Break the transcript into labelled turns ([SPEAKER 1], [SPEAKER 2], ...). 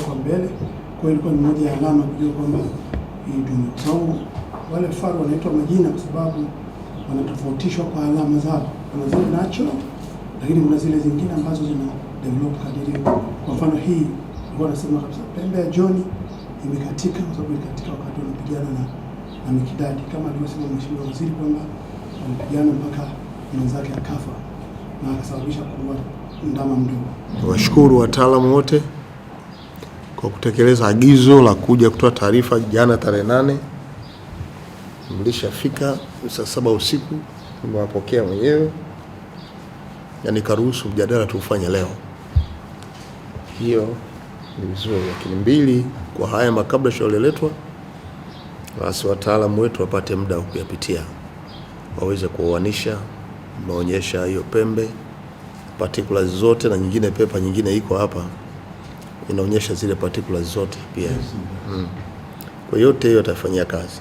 [SPEAKER 1] kwa mbele. Kwa hiyo ilikuwa ni moja ya alama kujua kwamba hii dume, kwa sababu wale faru wanaitwa majina kwa sababu wanatofautishwa kwa alama zao. Kuna zile natural, lakini kuna zile zingine ambazo zina develop kadiri. Kwa mfano hii ilikuwa nasema kabisa pembe ya John imekatika kwa sababu ilikatika wakati wanapigana na na Mikidadi, kama alivyosema mheshimiwa waziri kwamba wanapigana mpaka mwenzake akafa na akasababisha kuwa ndama mdogo.
[SPEAKER 2] Washukuru wataalamu wote kwa kutekeleza agizo la kuja kutoa taarifa jana tarehe nane. Mlishafika saa saba usiku, nimewapokea mwenyewe na nikaruhusu mjadala tuufanye leo. Hiyo ni vizuri, lakini mbili, kwa haya makabla yaliyoletwa, basi wataalamu wetu wapate muda wa kuyapitia, waweze kuoanisha, maonyesha hiyo pembe particulars zote na nyingine, pepa nyingine iko hapa inaonyesha zile particulars zote pia mm. Kwa yote hiyo atafanyia kazi.